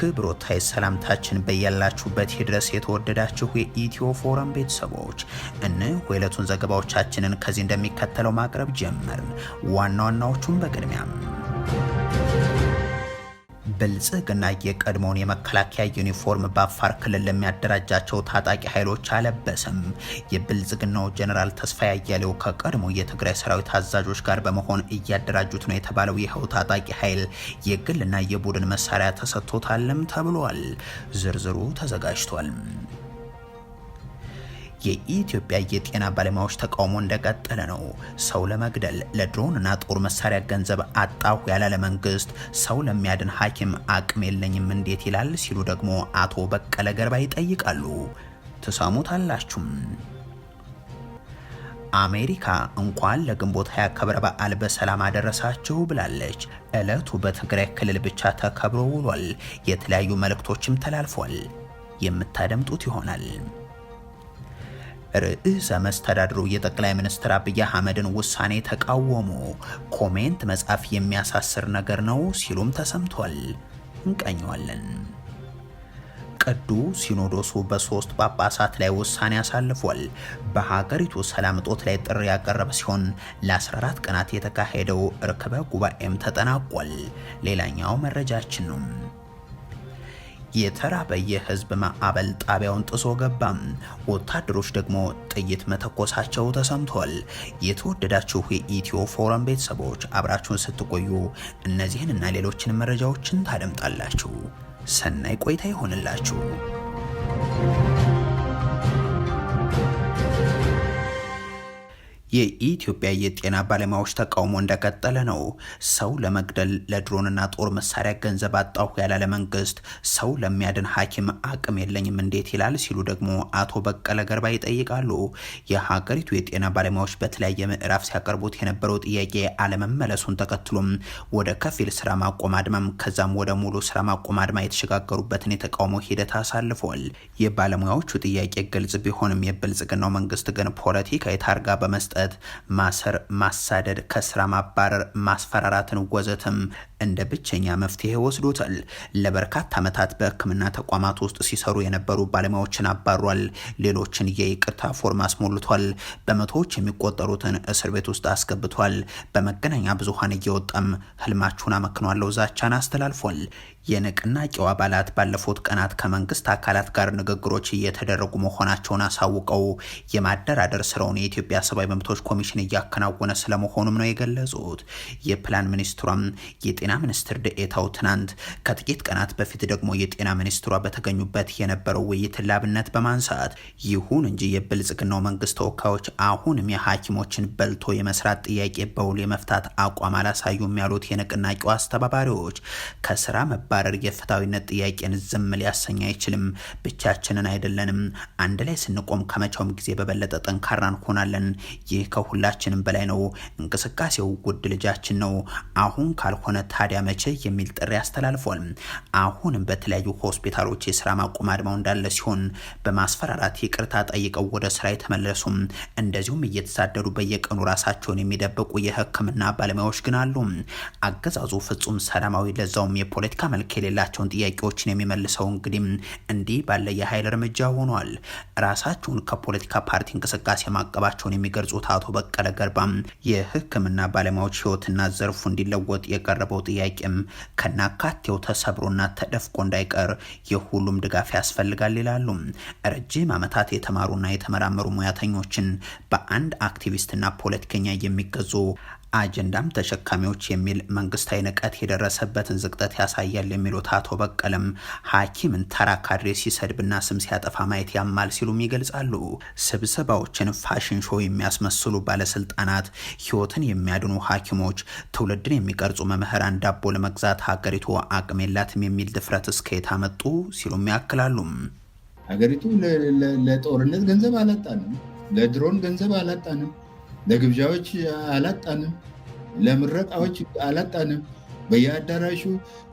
ክብሮታይ ሰላምታችን በያላችሁበት ይድረስ። የተወደዳችሁ የኢትዮ ፎረም ቤተሰቦች እነሆ የዕለቱን ዘገባዎቻችንን ከዚህ እንደሚከተለው ማቅረብ ጀመርን። ዋና ዋናዎቹን በቅድሚያም ብልጽግና የቀድሞውን የመከላከያ ዩኒፎርም በአፋር ክልል ለሚያደራጃቸው ታጣቂ ኃይሎች አለበሰም። የብልጽግናው ጀኔራል ተስፋዬ አያሌው ከቀድሞ የትግራይ ሰራዊት አዛዦች ጋር በመሆን እያደራጁት ነው የተባለው ይኸው ታጣቂ ኃይል የግልና የቡድን መሳሪያ ተሰጥቶታልም ተብሏል። ዝርዝሩ ተዘጋጅቷል። የኢትዮጵያ የጤና ባለሙያዎች ተቃውሞ እንደቀጠለ ነው። ሰው ለመግደል ለድሮንና ጦር መሳሪያ ገንዘብ አጣሁ ያላለ መንግስት ሰው ለሚያድን ሐኪም አቅም የለኝም እንዴት ይላል ሲሉ ደግሞ አቶ በቀለ ገርባ ይጠይቃሉ። ትሰሙታላችሁም አላችሁም። አሜሪካ እንኳን ለግንቦት ሀያ ክብረ በዓል በሰላም አደረሳችሁ ብላለች። ዕለቱ በትግራይ ክልል ብቻ ተከብሮ ውሏል። የተለያዩ መልእክቶችም ተላልፏል። የምታደምጡት ይሆናል። ርዕሰ መስተዳድሩ የጠቅላይ ሚኒስትር አብይ አህመድን ውሳኔ ተቃወሙ። ኮሜንት መጻፍ የሚያሳስር ነገር ነው ሲሉም ተሰምቷል። እንቀኘዋለን። ቅዱስ ሲኖዶሱ በሶስት ጳጳሳት ላይ ውሳኔ አሳልፏል። በሀገሪቱ ሰላም እጦት ላይ ጥሪ ያቀረበ ሲሆን ለ14 ቀናት የተካሄደው እርክበ ጉባኤም ተጠናቋል። ሌላኛው መረጃችን ነው። የተራበየ ህዝብ ማዕበል ጣቢያውን ጥሶ ገባም። ወታደሮች ደግሞ ጥይት መተኮሳቸው ተሰምቷል። የተወደዳችሁ የኢትዮ ፎረም ቤተሰቦች አብራችሁን ስትቆዩ እነዚህን እና ሌሎችን መረጃዎችን ታደምጣላችሁ። ሰናይ ቆይታ ይሆንላችሁ። የኢትዮጵያ የጤና ባለሙያዎች ተቃውሞ እንደቀጠለ ነው። ሰው ለመግደል ለድሮንና ጦር መሳሪያ ገንዘብ አጣሁ ያላለ መንግስት ሰው ለሚያድን ሐኪም አቅም የለኝም እንዴት ይላል ሲሉ ደግሞ አቶ በቀለ ገርባ ይጠይቃሉ። የሀገሪቱ የጤና ባለሙያዎች በተለያየ ምዕራፍ ሲያቀርቡት የነበረው ጥያቄ አለመመለሱን ተከትሎም ወደ ከፊል ስራ ማቆም አድማም ከዛም ወደ ሙሉ ስራ ማቆም አድማ የተሸጋገሩበትን የተቃውሞ ሂደት አሳልፏል። የባለሙያዎቹ ጥያቄ ግልጽ ቢሆንም የብልጽግናው መንግስት ግን ፖለቲካዊ ታርጋ በመስጠት መስጠት፣ ማሰር፣ ማሳደድ፣ ከስራ ማባረር፣ ማስፈራራትን ወዘትም እንደ ብቸኛ መፍትሄ ወስዶታል። ለበርካታ ዓመታት በሕክምና ተቋማት ውስጥ ሲሰሩ የነበሩ ባለሙያዎችን አባሯል። ሌሎችን የይቅርታ ፎርም አስሞልቷል። በመቶዎች የሚቆጠሩትን እስር ቤት ውስጥ አስገብቷል። በመገናኛ ብዙሃን እየወጣም ህልማችሁን አመክኗለው ዛቻን አስተላልፏል። የንቅናቄው አባላት ባለፉት ቀናት ከመንግስት አካላት ጋር ንግግሮች እየተደረጉ መሆናቸውን አሳውቀው የማደራደር ስራውን የኢትዮጵያ ሰብአዊ መብቶች ኮሚሽን እያከናወነ ስለመሆኑም ነው የገለጹት። የፕላን ሚኒስትሯም የጤና የጤና ሚኒስትር ደኤታው ትናንት፣ ከጥቂት ቀናት በፊት ደግሞ የጤና ሚኒስትሯ በተገኙበት የነበረው ውይይት ላብነት በማንሳት ይሁን እንጂ የብልጽግናው መንግስት ተወካዮች አሁንም የሐኪሞችን በልቶ የመስራት ጥያቄ በውል የመፍታት አቋም አላሳዩም ያሉት የንቅናቄው አስተባባሪዎች ከስራ መባረር የፍትሐዊነት ጥያቄን ዝም ሊያሰኝ አይችልም፣ ብቻችንን አይደለንም፣ አንድ ላይ ስንቆም ከመቼውም ጊዜ በበለጠ ጠንካራ እንሆናለን። ይህ ከሁላችንም በላይ ነው። እንቅስቃሴው ውድ ልጃችን ነው። አሁን ካልሆነ ታዲያ መቼ የሚል ጥሪ አስተላልፏል። አሁንም በተለያዩ ሆስፒታሎች የስራ ማቆም አድማው እንዳለ ሲሆን በማስፈራራት ይቅርታ ጠይቀው ወደ ስራ የተመለሱም እንደዚሁም እየተሳደዱ በየቀኑ ራሳቸውን የሚደብቁ የህክምና ባለሙያዎች ግን አሉ። አገዛዙ ፍጹም ሰላማዊ ለዛውም የፖለቲካ መልክ የሌላቸውን ጥያቄዎችን የሚመልሰው እንግዲህ እንዲህ ባለ የኃይል እርምጃ ሆኗል። ራሳቸውን ከፖለቲካ ፓርቲ እንቅስቃሴ ማቀባቸውን የሚገልጹት አቶ በቀለ ገርባ የህክምና ባለሙያዎች ህይወትና ዘርፉ እንዲለወጥ የቀረበው ጥያቄም ከናካቴው ተሰብሮና ተደፍቆ እንዳይቀር የሁሉም ድጋፍ ያስፈልጋል ይላሉ። ረጅም ዓመታት የተማሩና የተመራመሩ ሙያተኞችን በአንድ አክቲቪስትና ፖለቲከኛ የሚገዙ አጀንዳም ተሸካሚዎች የሚል መንግስታዊ ንቀት የደረሰበትን ዝቅጠት ያሳያል የሚሉት አቶ በቀለም ሐኪምን ተራ ካድሬ ሲሰድብና ስም ሲያጠፋ ማየት ያማል ሲሉም ይገልጻሉ። ስብሰባዎችን ፋሽን ሾው የሚያስመስሉ ባለስልጣናት፣ ህይወትን የሚያድኑ ሐኪሞች፣ ትውልድን የሚቀርጹ መምህራን ዳቦ ለመግዛት ሀገሪቱ አቅም የላትም የሚል ድፍረት እስከየት አመጡ ሲሉም ያክላሉ። ሀገሪቱ ለጦርነት ገንዘብ አላጣንም፣ ለድሮን ገንዘብ አላጣንም ለግብዣዎች አላጣንም፣ ለምረቃዎች አላጣንም። በየአዳራሹ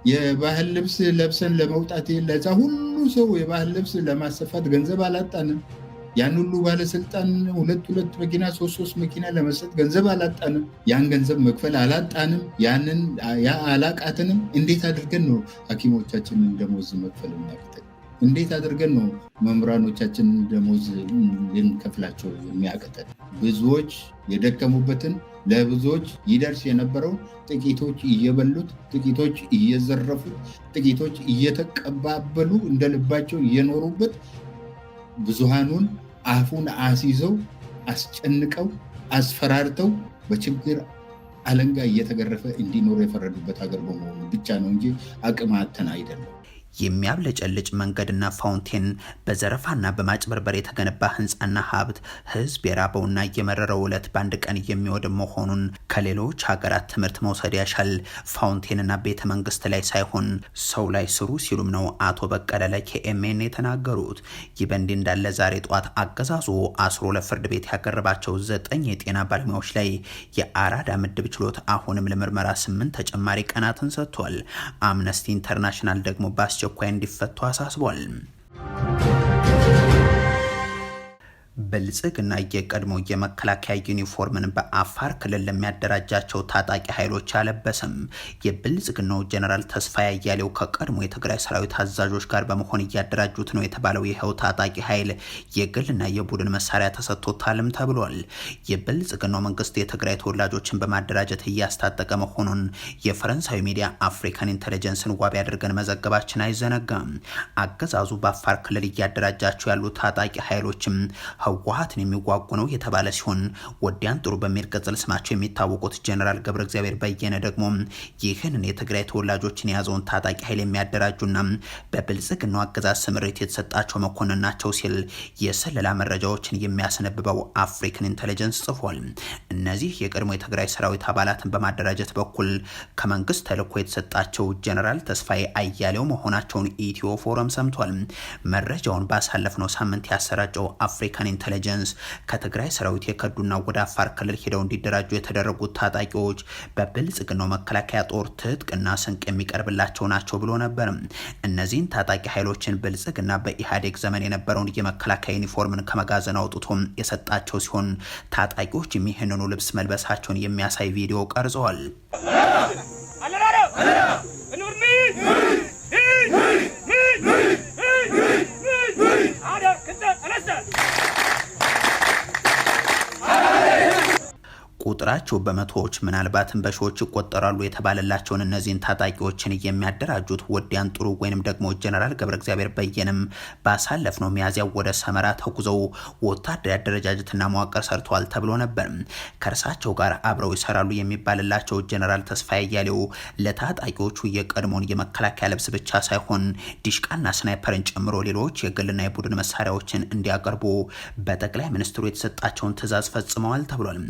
የባህል ልብስ ለብሰን ለመውጣት ለዛ ሁሉ ሰው የባህል ልብስ ለማሰፋት ገንዘብ አላጣንም። ያን ሁሉ ባለስልጣን ሁለት ሁለት መኪና ሶስት ሶስት መኪና ለመስጠት ገንዘብ አላጣንም። ያን ገንዘብ መክፈል አላጣንም። ያንን አላቃትንም። እንዴት አድርገን ነው ሐኪሞቻችንን ደሞዝ መክፈል የሚያቅተን? እንዴት አድርገን ነው መምህራኖቻችንን ደሞዝ ልንከፍላቸው የሚያቅተን? ብዙዎች የደከሙበትን ለብዙዎች ይደርስ የነበረው ጥቂቶች እየበሉት፣ ጥቂቶች እየዘረፉት፣ ጥቂቶች እየተቀባበሉ እንደ ልባቸው እየኖሩበት ብዙሃኑን አፉን አስይዘው አስጨንቀው አስፈራርተው በችግር አለንጋ እየተገረፈ እንዲኖር የፈረዱበት ሀገር በመሆኑ ብቻ ነው እንጂ አቅም አጥተን አይደለም። የሚያብለጨልጭ መንገድና ፋውንቴን፣ በዘረፋና በማጭበርበር የተገነባ ህንፃና ሀብት ህዝብ የራበውና የመረረው ዕለት በአንድ ቀን የሚወድም መሆኑን ከሌሎች ሀገራት ትምህርት መውሰድ ያሻል። ፋውንቴንና ቤተ መንግስት ላይ ሳይሆን ሰው ላይ ስሩ ሲሉም ነው አቶ በቀለ ለኬኤምኤን የተናገሩት። ይህ በእንዲህ እንዳለ ዛሬ ጠዋት አገዛዙ አስሮ ለፍርድ ቤት ያቀረባቸው ዘጠኝ የጤና ባለሙያዎች ላይ የአራዳ ምድብ ችሎት አሁንም ለምርመራ ስምንት ተጨማሪ ቀናትን ሰጥቷል። አምነስቲ ኢንተርናሽናል ደግሞ ባስቸው በአስቸኳይ እንዲፈቱ አሳስቧል። ብልጽግና የቀድሞ የመከላከያ ዩኒፎርምን በአፋር ክልል ለሚያደራጃቸው ታጣቂ ኃይሎች አለበሰም። የብልጽግናው ጀነራል ተስፋዬ አያሌው ከቀድሞ የትግራይ ሰራዊት አዛዦች ጋር በመሆን እያደራጁት ነው የተባለው ይኸው ታጣቂ ኃይል የግልና የቡድን መሳሪያ ተሰጥቶታልም ተብሏል። የብልጽግናው መንግስት የትግራይ ተወላጆችን በማደራጀት እያስታጠቀ መሆኑን የፈረንሳዊ ሚዲያ አፍሪካን ኢንቴሊጀንስን ዋቢ አድርገን መዘገባችን አይዘነጋም። አገዛዙ በአፋር ክልል እያደራጃቸው ያሉ ታጣቂ ኃይሎችም ህወሀትን የሚዋጉ ነው የተባለ ሲሆን ወዲያን ጥሩ በሚል ቅጽል ስማቸው የሚታወቁት ጀኔራል ገብረ እግዚአብሔር በየነ ደግሞ ይህንን የትግራይ ተወላጆችን የያዘውን ታጣቂ ኃይል የሚያደራጁና በብልጽግናው አገዛዝ ስምሪት የተሰጣቸው መኮንን ናቸው ሲል የስለላ መረጃዎችን የሚያስነብበው አፍሪካን ኢንተለጀንስ ጽፏል። እነዚህ የቀድሞ የትግራይ ሰራዊት አባላትን በማደራጀት በኩል ከመንግስት ተልዕኮ የተሰጣቸው ጀኔራል ተስፋዬ አያሌው መሆናቸውን ኢትዮ ፎረም ሰምቷል። መረጃውን ባሳለፍነው ሳምንት ያሰራጨው አፍሪካን ኢንቴሊጀንስ ከትግራይ ሰራዊት የከዱና ወደ አፋር ክልል ሄደው እንዲደራጁ የተደረጉት ታጣቂዎች በብልጽግናው መከላከያ ጦር ትጥቅና ስንቅ የሚቀርብላቸው ናቸው ብሎ ነበር። እነዚህን ታጣቂ ኃይሎችን ብልጽግና በኢህአዴግ ዘመን የነበረውን የመከላከያ ዩኒፎርምን ከመጋዘን አውጥቶ የሰጣቸው ሲሆን ታጣቂዎች የሚህንኑ ልብስ መልበሳቸውን የሚያሳይ ቪዲዮ ቀርጸዋል። ቁጥራቸው በመቶዎች ምናልባትም በሺዎች ይቆጠራሉ የተባለላቸውን እነዚህን ታጣቂዎችን የሚያደራጁት ወዲያን ጥሩ ወይንም ደግሞ ጀነራል ገብረ እግዚአብሔር በየንም ባሳለፍ ነው ሚያዝያ ወደ ሰመራ ተጉዘው ወታደር አደረጃጀትና መዋቅር ሰርተዋል ተብሎ ነበር። ከእርሳቸው ጋር አብረው ይሰራሉ የሚባልላቸው ጀነራል ተስፋ እያሌው ለታጣቂዎቹ የቀድሞን የመከላከያ ልብስ ብቻ ሳይሆን ዲሽቃና ስናይፐርን ጨምሮ ሌሎች የግልና የቡድን መሳሪያዎችን እንዲያቀርቡ በጠቅላይ ሚኒስትሩ የተሰጣቸውን ትእዛዝ ፈጽመዋል ተብሏል።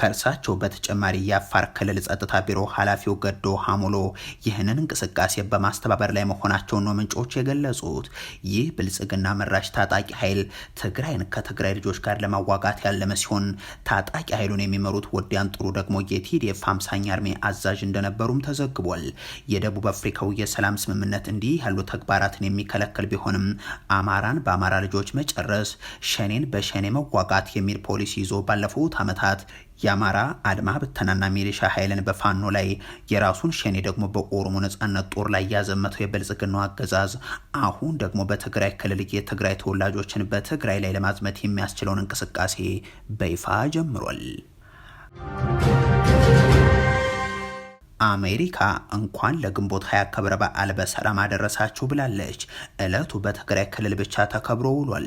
ከእርሳቸው በተጨማሪ የአፋር ክልል ጸጥታ ቢሮ ኃላፊው ገዶ ሀሙሎ ይህንን እንቅስቃሴ በማስተባበር ላይ መሆናቸውን ነው ምንጮች የገለጹት። ይህ ብልጽግና መራሽ ታጣቂ ኃይል ትግራይን ከትግራይ ልጆች ጋር ለማዋጋት ያለመ ሲሆን ታጣቂ ኃይሉን የሚመሩት ወዲያን ጥሩ ደግሞ የቲዲኤፍ አምሳኛ አርሜ አዛዥ እንደነበሩም ተዘግቧል። የደቡብ አፍሪካው የሰላም ስምምነት እንዲህ ያሉ ተግባራትን የሚከለክል ቢሆንም አማራን በአማራ ልጆች መጨረስ፣ ሸኔን በሸኔ መዋጋት የሚል ፖሊሲ ይዞ ባለፉት ዓመታት የአማራ አድማ ብተናና ሚሊሻ ኃይልን በፋኖ ላይ የራሱን ሸኔ ደግሞ በኦሮሞ ነጻነት ጦር ላይ ያዘመተው የብልጽግናው አገዛዝ አሁን ደግሞ በትግራይ ክልል የትግራይ ተወላጆችን በትግራይ ላይ ለማዝመት የሚያስችለውን እንቅስቃሴ በይፋ ጀምሯል። አሜሪካ እንኳን ለግንቦት ሀያ ክብረ በዓል በሰላም አደረሳችሁ ብላለች። እለቱ በትግራይ ክልል ብቻ ተከብሮ ውሏል።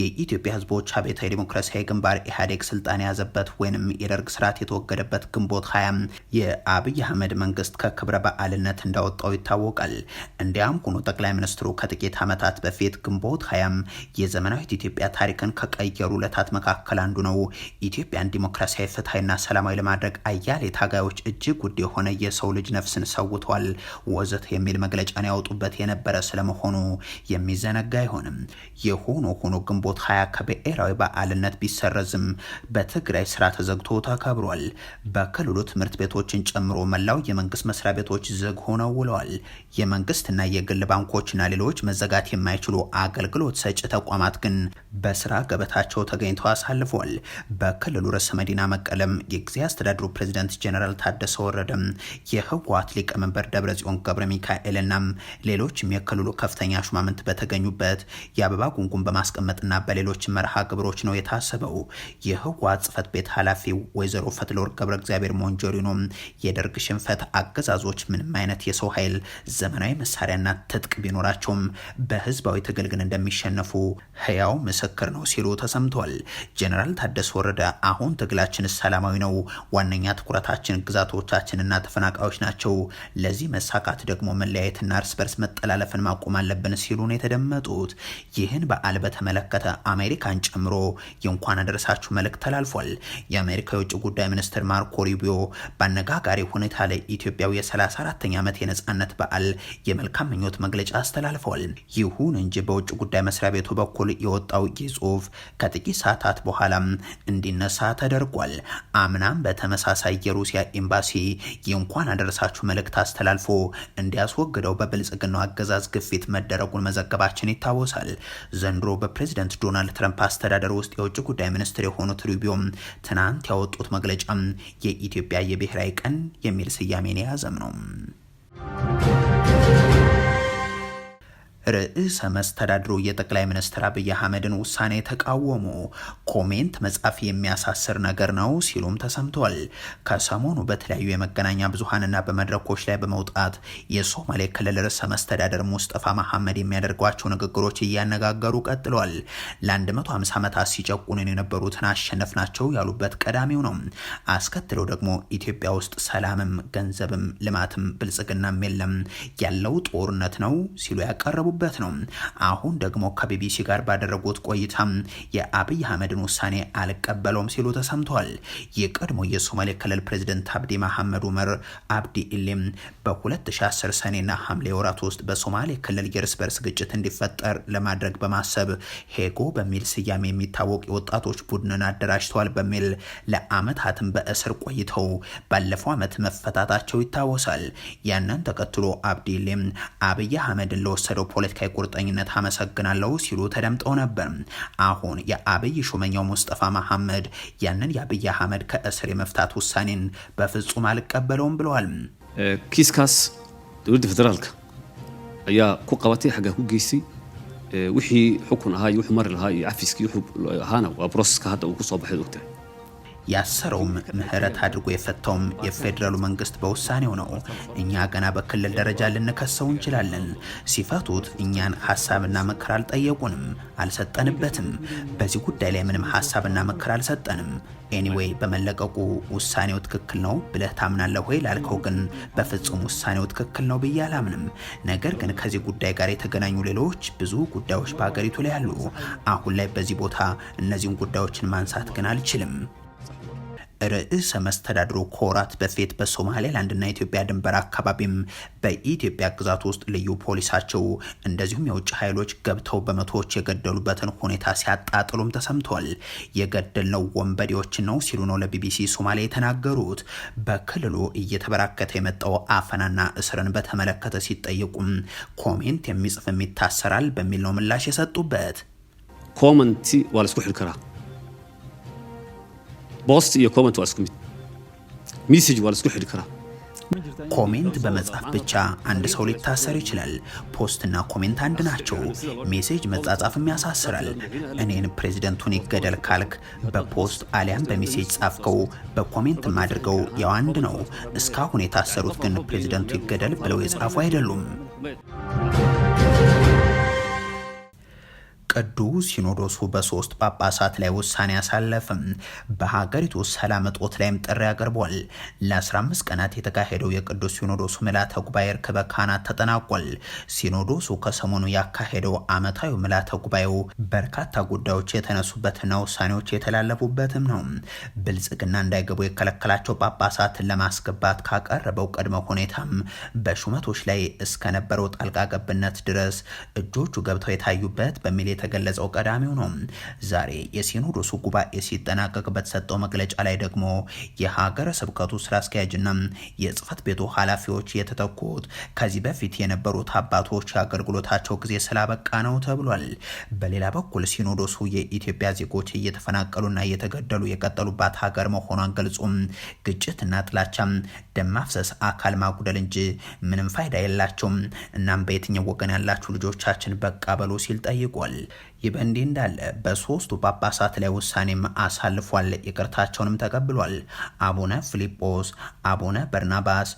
የኢትዮጵያ ሕዝቦች አብዮታዊ ዲሞክራሲያዊ ግንባር ኢህአዴግ ስልጣን የያዘበት ወይንም የደርግ ስርዓት የተወገደበት ግንቦት ሀያ የአብይ አህመድ መንግስት ከክብረ በዓልነት እንዳወጣው ይታወቃል። እንዲያም ሆኖ ጠቅላይ ሚኒስትሩ ከጥቂት ዓመታት በፊት ግንቦት ሀያም የዘመናዊት ኢትዮጵያ ታሪክን ከቀየሩ ዕለታት መካከል አንዱ ነው። ኢትዮጵያን ዲሞክራሲያዊ ፍትሐዊና ሰላማዊ ለማድረግ አያሌ ታጋዮች እጅግ ውድ የሆነ የሰው ልጅ ነፍስን ሰውቷል ወዘት የሚል መግለጫን ያወጡበት የነበረ ስለመሆኑ የሚዘነጋ አይሆንም። የሆኖ ሆኖ ግንቦት ሀያ ከብሔራዊ በዓልነት ቢሰረዝም በትግራይ ስራ ተዘግቶ ተከብሯል። በክልሉ ትምህርት ቤቶችን ጨምሮ መላው የመንግስት መስሪያ ቤቶች ዝግ ሆነው ውለዋል። የመንግስትና የግል ባንኮችና ሌሎች መዘጋት የማይችሉ አገልግሎት ሰጪ ተቋማት ግን በስራ ገበታቸው ተገኝተው አሳልፏል። በክልሉ ርዕሰ መዲና መቀለም የጊዜ አስተዳደሩ ፕሬዚደንት ጀኔራል ታደሰ ወረደም የህወሓት ሊቀመንበር ደብረጽዮን ገብረ ሚካኤልና ሌሎችም የክልሉ ከፍተኛ ሹማምንት በተገኙበት የአበባ ጉንጉን በማስቀመጥና በሌሎች መርሃ ግብሮች ነው የታሰበው። የህወሓት ጽህፈት ቤት ኃላፊ ወይዘሮ ፈትለወርቅ ገብረ እግዚአብሔር ሞንጆሪኖ የደርግ ሽንፈት አገዛዞች ምንም አይነት የሰው ኃይል ዘመናዊ መሳሪያና ትጥቅ ቢኖራቸውም በህዝባዊ ትግል ግን እንደሚሸነፉ ህያው ምስክር ነው ሲሉ ተሰምቷል። ጀነራል ታደሰ ወረደ አሁን ትግላችን ሰላማዊ ነው፣ ዋነኛ ትኩረታችን ግዛቶቻችንና ተፈናቃ ተፈናቃዮች ናቸው። ለዚህ መሳካት ደግሞ መለያየትና እርስ በርስ መጠላለፍን ማቆም አለብን ሲሉ ነው የተደመጡት። ይህን በዓል በተመለከተ አሜሪካን ጨምሮ የእንኳን አደረሳችሁ መልእክት ተላልፏል። የአሜሪካ የውጭ ጉዳይ ሚኒስትር ማርኮ ሩቢዮ በአነጋጋሪ ሁኔታ ኢትዮጵያዊ የ 34 ተኛ ዓመት የነጻነት በዓል የመልካም ምኞት መግለጫ አስተላልፈዋል። ይሁን እንጂ በውጭ ጉዳይ መስሪያ ቤቱ በኩል የወጣው ይህ ጽሁፍ ከጥቂት ሰዓታት በኋላም እንዲነሳ ተደርጓል። አምናም በተመሳሳይ የሩሲያ ኤምባሲ እንኳን አደረሳችሁ መልእክት አስተላልፎ እንዲያስወግደው በብልጽግናው አገዛዝ ግፊት መደረጉን መዘገባችን ይታወሳል። ዘንድሮ በፕሬዚደንት ዶናልድ ትረምፕ አስተዳደር ውስጥ የውጭ ጉዳይ ሚኒስትር የሆኑት ሩቢዮም ትናንት ያወጡት መግለጫ የኢትዮጵያ የብሔራዊ ቀን የሚል ስያሜን የያዘም ነው። ርዕሰ መስተዳድሩ የጠቅላይ ሚኒስትር አብይ አህመድን ውሳኔ ተቃወሙ። ኮሜንት መጻፍ የሚያሳስር ነገር ነው ሲሉም ተሰምቷል። ከሰሞኑ በተለያዩ የመገናኛ ብዙኃንና በመድረኮች ላይ በመውጣት የሶማሌ ክልል ርዕሰ መስተዳደር ሙስጠፋ መሐመድ የሚያደርጓቸው ንግግሮች እያነጋገሩ ቀጥሏል። ለ150 ዓመታት ሲጨቁንን የነበሩትን ናቸው ያሉበት ቀዳሚው ነው። አስከትለው ደግሞ ኢትዮጵያ ውስጥ ሰላምም ገንዘብም ልማትም ብልጽግናም የለም ያለው ጦርነት ነው ሲሉ ያቀረቡ እየሰሩበት ነው። አሁን ደግሞ ከቢቢሲ ጋር ባደረጉት ቆይታ የአብይ አህመድን ውሳኔ አልቀበለውም ሲሉ ተሰምቷል። የቀድሞ የሶማሌ ክልል ፕሬዚደንት አብዲ መሐመድ ኡመር አብዲ ኢሌም በ2010 ሰኔና ሐምሌ ወራት ውስጥ በሶማሌ ክልል የእርስ በርስ ግጭት እንዲፈጠር ለማድረግ በማሰብ ሄጎ በሚል ስያሜ የሚታወቅ የወጣቶች ቡድንን አደራጅተዋል በሚል ለአመታትም በእስር ቆይተው ባለፈው ዓመት መፈታታቸው ይታወሳል። ያንን ተከትሎ አብዲ ኢሌም አብይ አህመድን ለወሰደው ፖለቲካዊ ቁርጠኝነት አመሰግናለሁ ሲሉ ተደምጠው ነበር። አሁን የአብይ ሹመኛው ሙስጠፋ መሐመድ ያንን የአብይ አህመድ ከእስር የመፍታት ውሳኔን በፍጹም አልቀበለውም ብለዋል። ኪስካስ ትውልድ ፌደራልካ ያ ኩቀባቴ ሓጋ ሁጌሲ ውሒ ሕኩን ኣሃ ይውሕ መሪ ሃ ኣፊስኪ ፕሮሰስካ ሃደ ኩሶ ባሒ ያሰረውም ምህረት አድርጎ የፈታውም የፌዴራሉ መንግስት በውሳኔው ነው። እኛ ገና በክልል ደረጃ ልንከሰው እንችላለን። ሲፈቱት እኛን ሀሳብና ምክር አልጠየቁንም፣ አልሰጠንበትም። በዚህ ጉዳይ ላይ ምንም ሀሳብና ምክር አልሰጠንም። ኤኒዌይ በመለቀቁ ውሳኔው ትክክል ነው ብለህ ታምናለህ ወይ ላልከው ግን በፍጹም ውሳኔው ትክክል ነው ብዬ አላምንም። ነገር ግን ከዚህ ጉዳይ ጋር የተገናኙ ሌሎች ብዙ ጉዳዮች በሀገሪቱ ላይ አሉ። አሁን ላይ በዚህ ቦታ እነዚህን ጉዳዮችን ማንሳት ግን አልችልም። ርዕሰ መስተዳድሩ ከወራት በፊት በሶማሌላንድና ኢትዮጵያ ድንበር አካባቢም በኢትዮጵያ ግዛት ውስጥ ልዩ ፖሊሳቸው እንደዚሁም የውጭ ኃይሎች ገብተው በመቶዎች የገደሉበትን ሁኔታ ሲያጣጥሉም ተሰምቷል። የገደልነው ወንበዴዎችን ነው ሲሉ ነው ለቢቢሲ ሶማሌ የተናገሩት። በክልሉ እየተበራከተ የመጣው አፈናና እስርን በተመለከተ ሲጠየቁም ኮሜንት የሚጽፍም ይታሰራል በሚል ነው ምላሽ የሰጡበት። ኮመንቲ ዋለስኩ ቦስት iyo comment waa isku mid message ኮሜንት በመጻፍ ብቻ አንድ ሰው ሊታሰር ይችላል። ፖስትና ኮሜንት አንድ ናቸው። ሜሴጅ መጻጻፍም ያሳስራል። እኔን ፕሬዚደንቱን ይገደል ካልክ በፖስት አሊያም በሜሴጅ ጻፍከው በኮሜንትም አድርገው ያው አንድ ነው። እስካሁን የታሰሩት ግን ፕሬዚደንቱ ይገደል ብለው የጻፉ አይደሉም። ቅዱስ ሲኖዶሱ በሶስት ጳጳሳት ላይ ውሳኔ አሳለፍም። በሀገሪቱ ሰላም እጦት ላይም ጥሪ አቅርቧል። ለ15 ቀናት የተካሄደው የቅዱስ ሲኖዶሱ ምልዓተ ጉባኤ ርክበ ካህናት ተጠናቋል። ሲኖዶሱ ከሰሞኑ ያካሄደው ዓመታዊ ምልዓተ ጉባኤው በርካታ ጉዳዮች የተነሱበትና ውሳኔዎች የተላለፉበትም ነው። ብልጽግና እንዳይገቡ የከለከላቸው ጳጳሳትን ለማስገባት ካቀረበው ቅድመ ሁኔታም በሹመቶች ላይ እስከነበረው ጣልቃ ገብነት ድረስ እጆቹ ገብተው የታዩበት በሚል የተገለጸው ቀዳሚው ነው። ዛሬ የሲኖዶሱ ጉባኤ ሲጠናቀቅ በተሰጠው መግለጫ ላይ ደግሞ የሀገረ ስብከቱ ስራ አስኪያጅና የጽህፈት ቤቱ ኃላፊዎች የተተኩት ከዚህ በፊት የነበሩት አባቶች የአገልግሎታቸው ጊዜ ስላበቃ ነው ተብሏል። በሌላ በኩል ሲኖዶሱ የኢትዮጵያ ዜጎች እየተፈናቀሉና እየተገደሉ የቀጠሉባት ሀገር መሆኗን ገልጾም ግጭትና ጥላቻ ደም ማፍሰስ፣ አካል ማጉደል እንጂ ምንም ፋይዳ የላቸውም። እናም በየትኛው ወገን ያላችሁ ልጆቻችን በቃ በሉ ሲል ጠይቋል። ይህ በእንዲህ እንዳለ በሶስቱ ጳጳሳት ላይ ውሳኔም አሳልፏል። ይቅርታቸውንም ተቀብሏል። አቡነ ፊልጶስ፣ አቡነ በርናባስ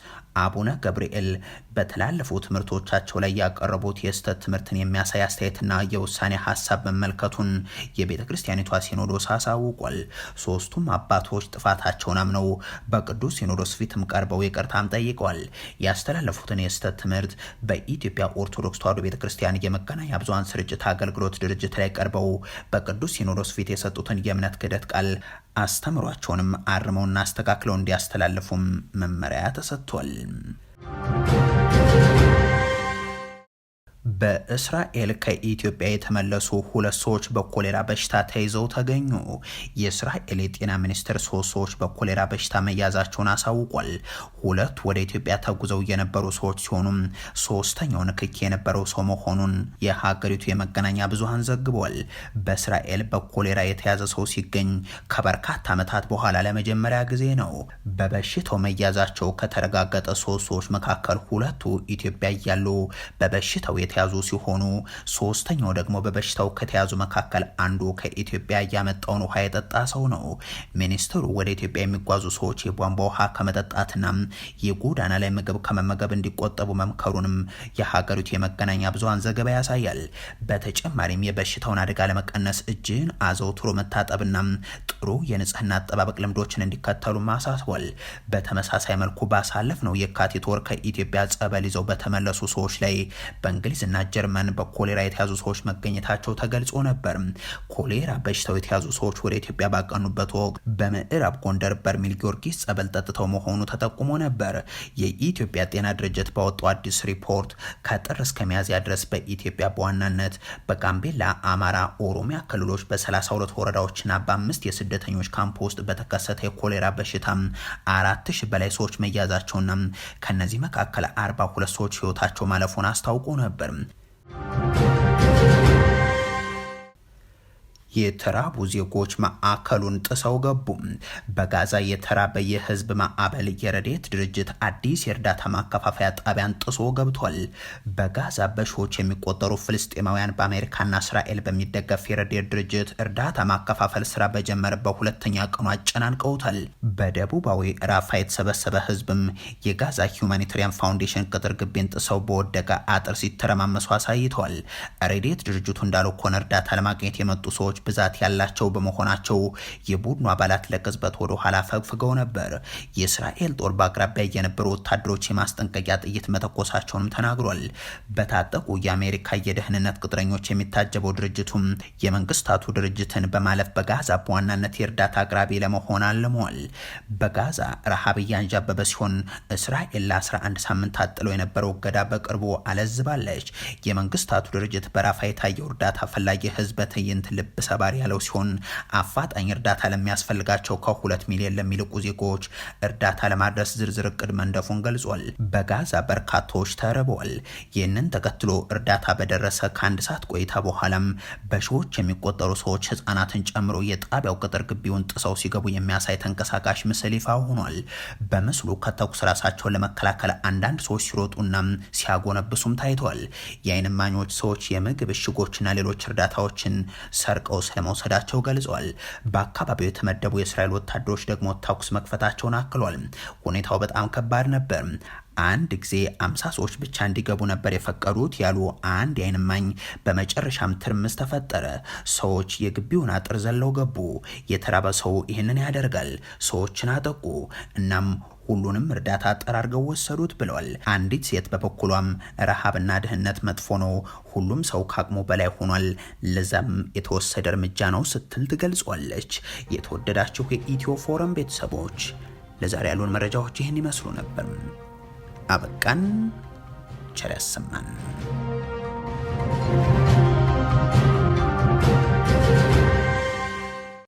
አቡነ ገብርኤል በተላለፉ ትምህርቶቻቸው ላይ ያቀረቡት የስህተት ትምህርትን የሚያሳይ አስተያየትና የውሳኔ ሀሳብ መመልከቱን የቤተ ክርስቲያኒቷ ሲኖዶስ አሳውቋል። ሶስቱም አባቶች ጥፋታቸውን አምነው በቅዱስ ሲኖዶስ ፊትም ቀርበው ይቅርታም ጠይቀዋል። ያስተላለፉትን የስህተት ትምህርት በኢትዮጵያ ኦርቶዶክስ ተዋሕዶ ቤተ ክርስቲያን የመገናኛ ብዙሃን ስርጭት አገልግሎት ድርጅት ላይ ቀርበው በቅዱስ ሲኖዶስ ፊት የሰጡትን የእምነት ክህደት ቃል አስተምሯቸውንም አርመውና አስተካክለው እንዲያስተላልፉም መመሪያ ተሰጥቷል። Bayern. በእስራኤል ከኢትዮጵያ የተመለሱ ሁለት ሰዎች በኮሌራ በሽታ ተይዘው ተገኙ። የእስራኤል የጤና ሚኒስቴር ሶስት ሰዎች በኮሌራ በሽታ መያዛቸውን አሳውቋል። ሁለቱ ወደ ኢትዮጵያ ተጉዘው የነበሩ ሰዎች ሲሆኑም ሶስተኛው ንክኪ የነበረው ሰው መሆኑን የሀገሪቱ የመገናኛ ብዙሃን ዘግቧል። በእስራኤል በኮሌራ የተያዘ ሰው ሲገኝ ከበርካታ ዓመታት በኋላ ለመጀመሪያ ጊዜ ነው። በበሽታው መያዛቸው ከተረጋገጠ ሶስት ሰዎች መካከል ሁለቱ ኢትዮጵያ እያሉ በበሽታው የተያዙ ሲሆኑ ሶስተኛው ደግሞ በበሽታው ከተያዙ መካከል አንዱ ከኢትዮጵያ ያመጣውን ውሃ የጠጣ ሰው ነው። ሚኒስትሩ ወደ ኢትዮጵያ የሚጓዙ ሰዎች የቧንቧ ውሃ ከመጠጣትና የጎዳና ላይ ምግብ ከመመገብ እንዲቆጠቡ መምከሩንም የሀገሪቱ የመገናኛ ብዙሃን ዘገባ ያሳያል። በተጨማሪም የበሽታውን አደጋ ለመቀነስ እጅን አዘውትሮ መታጠብና ጥሩ የንጽህና አጠባበቅ ልምዶችን እንዲከተሉ ማሳስቧል። በተመሳሳይ መልኩ ባሳለፍ ነው የካቲት ወር ከኢትዮጵያ ጸበል ይዘው በተመለሱ ሰዎች ላይ በእንግሊዝ እና ጀርመን በኮሌራ የተያዙ ሰዎች መገኘታቸው ተገልጾ ነበር። ኮሌራ በሽታው የተያዙ ሰዎች ወደ ኢትዮጵያ ባቀኑበት ወቅት በምዕራብ ጎንደር በርሜል ጊዮርጊስ ጸበል ጠጥተው መሆኑ ተጠቁሞ ነበር። የኢትዮጵያ ጤና ድርጅት ባወጣው አዲስ ሪፖርት ከጥር እስከ ሚያዝያ ድረስ በኢትዮጵያ በዋናነት በጋምቤላ፣ አማራ፣ ኦሮሚያ ክልሎች በ32 ወረዳዎችና በአምስት የስደተኞች ካምፕ ውስጥ በተከሰተ የኮሌራ በሽታ አራት ሺህ በላይ ሰዎች መያዛቸውና ከነዚህ መካከል 42 ሰዎች ህይወታቸው ማለፉን አስታውቆ ነበር። Power የተራቡ ዜጎች ማዕከሉን ጥሰው ገቡ። በጋዛ የተራበ የህዝብ ማዕበል የረዴት ድርጅት አዲስ የእርዳታ ማከፋፈያ ጣቢያን ጥሶ ገብቷል። በጋዛ በሺዎች የሚቆጠሩ ፍልስጤማውያን በአሜሪካና እስራኤል በሚደገፍ የረዴት ድርጅት እርዳታ ማከፋፈል ስራ በጀመረ በሁለተኛ ቀኑ አጨናንቀውታል። በደቡባዊ ራፋ የተሰበሰበ ህዝብም የጋዛ ሁማኒታሪያን ፋውንዴሽን ቅጥር ግቢን ጥሰው በወደቀ አጥር ሲተረማመሱ አሳይተዋል። ሬዴት ድርጅቱ እንዳለው ከሆነ እርዳታ ለማግኘት የመጡ ሰዎች ብዛት ያላቸው በመሆናቸው የቡድኑ አባላት ለቅጽበት ወደ ኋላ ፈግፍገው ነበር። የእስራኤል ጦር በአቅራቢያ የነበሩ ወታደሮች የማስጠንቀቂያ ጥይት መተኮሳቸውንም ተናግሯል። በታጠቁ የአሜሪካ የደህንነት ቅጥረኞች የሚታጀበው ድርጅቱም የመንግስታቱ ድርጅትን በማለፍ በጋዛ በዋናነት የእርዳታ አቅራቢ ለመሆን አልሟል። በጋዛ ረሃብ እያንዣበበ ሲሆን እስራኤል ለ11 ሳምንት ጥሎ የነበረው እገዳ በቅርቡ አለዝባለች። የመንግስታቱ ድርጅት በራፋ የታየው እርዳታ ፈላጊ ህዝብ በትዕይንት ልብስ ሰባሪ ያለው ሲሆን አፋጣኝ እርዳታ ለሚያስፈልጋቸው ከሁለት ሚሊዮን ለሚልቁ ዜጎች እርዳታ ለማድረስ ዝርዝር እቅድ መንደፉን ገልጿል። በጋዛ በርካቶች ተርበዋል። ይህንን ተከትሎ እርዳታ በደረሰ ከአንድ ሰዓት ቆይታ በኋላም በሺዎች የሚቆጠሩ ሰዎች ህጻናትን ጨምሮ የጣቢያው ቅጥር ግቢውን ጥሰው ሲገቡ የሚያሳይ ተንቀሳቃሽ ምስል ይፋ ሆኗል። በምስሉ ከተኩስ ራሳቸውን ለመከላከል አንዳንድ ሰዎች ሲሮጡና ሲያጎነብሱም ታይተዋል። የአይን እማኞች ሰዎች የምግብ እሽጎችና ሌሎች እርዳታዎችን ሰርቀው ቁሳቁስ ለመውሰዳቸው ገልጿል። በአካባቢው የተመደቡ የእስራኤል ወታደሮች ደግሞ ተኩስ መክፈታቸውን አክሏል። ሁኔታው በጣም ከባድ ነበር። አንድ ጊዜ አምሳ ሰዎች ብቻ እንዲገቡ ነበር የፈቀዱት ያሉ አንድ የዓይን እማኝ በመጨረሻም ትርምስ ተፈጠረ። ሰዎች የግቢውን አጥር ዘለው ገቡ። የተራበ ሰው ይህንን ያደርጋል። ሰዎችን አጠቁ። እናም ሁሉንም እርዳታ አጠራርገው ወሰዱት ብለዋል። አንዲት ሴት በበኩሏም ረሃብና ድህነት መጥፎ ነው፣ ሁሉም ሰው ከአቅሙ በላይ ሆኗል፣ ለዛም የተወሰደ እርምጃ ነው ስትል ትገልጿለች። የተወደዳችሁ የኢትዮ ፎረም ቤተሰቦች ለዛሬ ያሉን መረጃዎች ይህን ይመስሉ ነበር። አበቃን። ቸር ያሰማን።